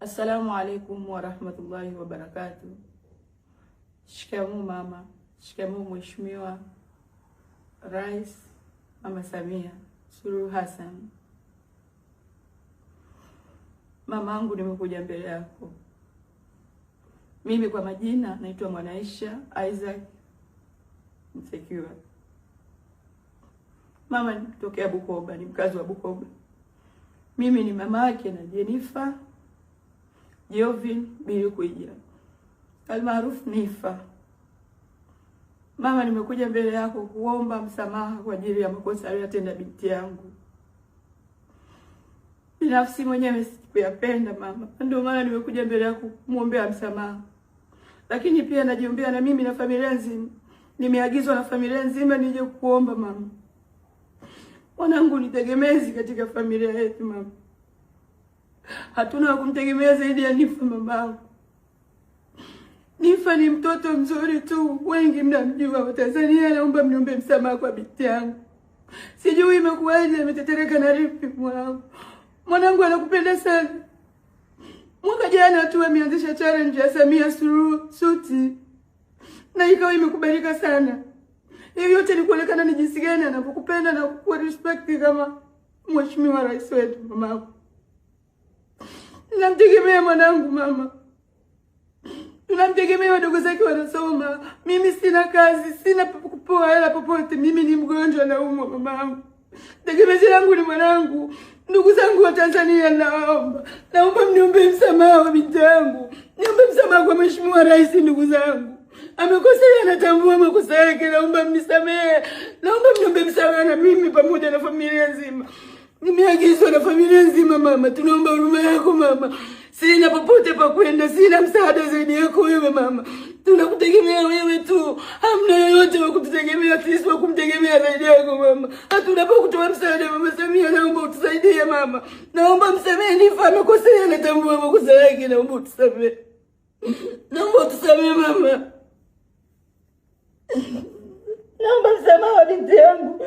Assalamu alaikum warahmatullahi wabarakatu shikamu mama, shikamu mheshimiwa Rais Mama Samia Suluhu Hassan. Mamangu, nimekuja mbele yako. Mimi kwa majina naitwa Mwanaisha Isaac Msekiwa. Mama, nikutokea Bukoba, ni mkazi wa Bukoba. Mimi ni mama yake na Jenifa Jovin Bilikuija almaarufu Nifa, mama, nimekuja mbele yako kuomba msamaha kwa ajili ya makosa aliyotenda binti yangu. Binafsi mwenyewe sikuyapenda mama, ndio maana nimekuja mbele yako kumwombea msamaha, lakini pia najiombea na mimi na familia nzima. Nimeagizwa na familia nzima nije kuomba mama. Mwanangu ni tegemezi katika familia yetu mama hatuna wa kumtegemea zaidi ya Nifa mamangu. Nifa ni mtoto mzuri tu, wengi mnamjua. Watanzania, naomba mniombe msamaha kwa binti yangu, sijui imekuwaje, ametetereka na rifi. Mwanangu, mwanangu anakupenda sana. Mwaka jana tu ameanzisha challenge ya Samia Suluhu suti na ikawa imekubalika sana. Hiyo yote ni kuonekana ni jinsi gani anapokupenda na kukuwa respect kama mheshimiwa rais wetu mamangu. Tunamtegemea mwanangu mama, tunamtegemea wadogo zake wanasoma. Mimi sina kazi, sina kupoa hela popote. Mimi ni mgonjwa, naumwa mamangu. Tegemezi langu ni mwanangu. Ndugu zangu wa Tanzania, naomba naomba mniombe msamaha wa binti yangu, niombe msamaha kwa Mheshimiwa Rais. Ndugu zangu, amekosea, anatambua makosa yake, naomba mnisamehe, naomba mniombe msamaha na mimi pamoja na familia nzima. Nimeagizwa na familia nzima mama, tunaomba huruma yako mama. Sina popote pa kwenda, sina msaada zaidi yako wewe mama. Tunakutegemea wewe tu, hamna yoyote wa kututegemea sisi, wa kumtegemea zaidi yako mama. Hatuna pa kutoa msaada mama Samia, naomba utusaidie mama, naomba msamehe Nifa amekosea, anatambua makosa yake, naomba utusamehe, naomba utusamehe mama, naomba msamaha wa binti yangu